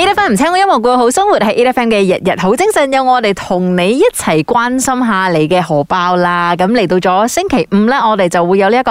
A.F.M. 唔請我音樂過好生活係 A.F.M. 嘅日日好精神，有我哋同你一齊關心下你嘅荷包啦。咁嚟到咗星期五咧，我哋就會有呢、這、一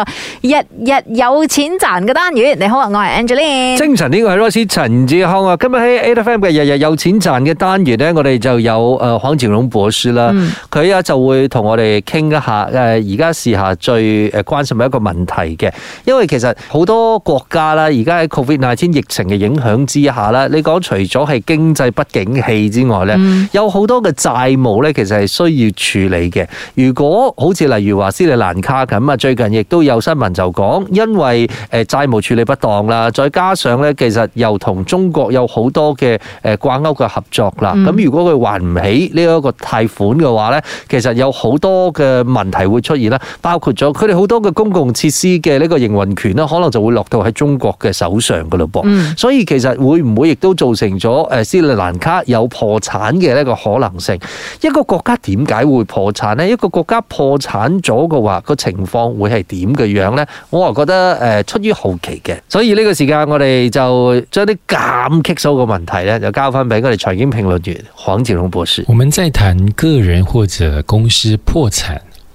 個日日有錢賺嘅單元。你好啊，我係 Angeline。精神呢個係 Rosie 陳志康啊。今日喺 A.F.M. 嘅日日有錢賺嘅單元呢，我哋就有誒黃錦榮博士啦。佢啊、嗯、就會同我哋傾一下誒而家時下最誒關心嘅一個問題嘅，因為其實好多國家啦，而家喺 COVID nineteen 疫情嘅影響之下啦，你講除。除咗係經濟不景氣之外咧，有好多嘅債務咧，其實係需要處理嘅。如果好似例如話斯里蘭卡咁啊，最近亦都有新聞就講，因為誒債務處理不當啦，再加上咧其實又同中國有好多嘅誒掛鈎嘅合作啦。咁如果佢還唔起呢一個貸款嘅話咧，其實有好多嘅問題會出現啦，包括咗佢哋好多嘅公共設施嘅呢個營運權啦，可能就會落到喺中國嘅手上噶嘞噃。所以其實會唔會亦都造成成咗誒，斯里蘭卡有破產嘅呢個可能性。一個國家點解會破產呢？一個國家破產咗嘅話，個情況會係點嘅樣呢？我啊覺得誒，出於好奇嘅。所以呢個時間，我哋就將啲咁棘手嘅問題咧，就交翻俾我哋財經評論員黃錦榮博士。我們在談個人或者公司破產。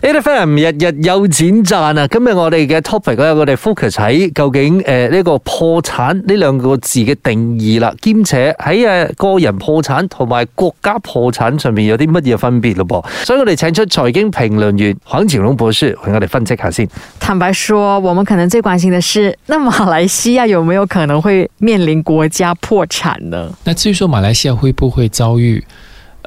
everybody 日日有錢賺啊！今日我哋嘅 topic 嗰，我哋 focus 喺究竟誒呢個破產呢兩個字嘅定義啦，兼且喺誒個人破產同埋國家破產上面有啲乜嘢分別咯噃？所以我哋請出財經評論員黃錦榮博士，同我哋分析下先。坦白說，我們可能最關心的是，那麼馬來西亞有沒有可能會面臨國家破產呢？那至於說馬來西亞會不會遭遇？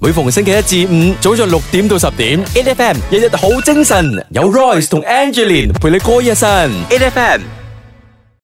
每逢星期一至五，早上六點到十點，A F M 日日好精神，有 Royce 同 Angelina 陪你過一晨，A F M。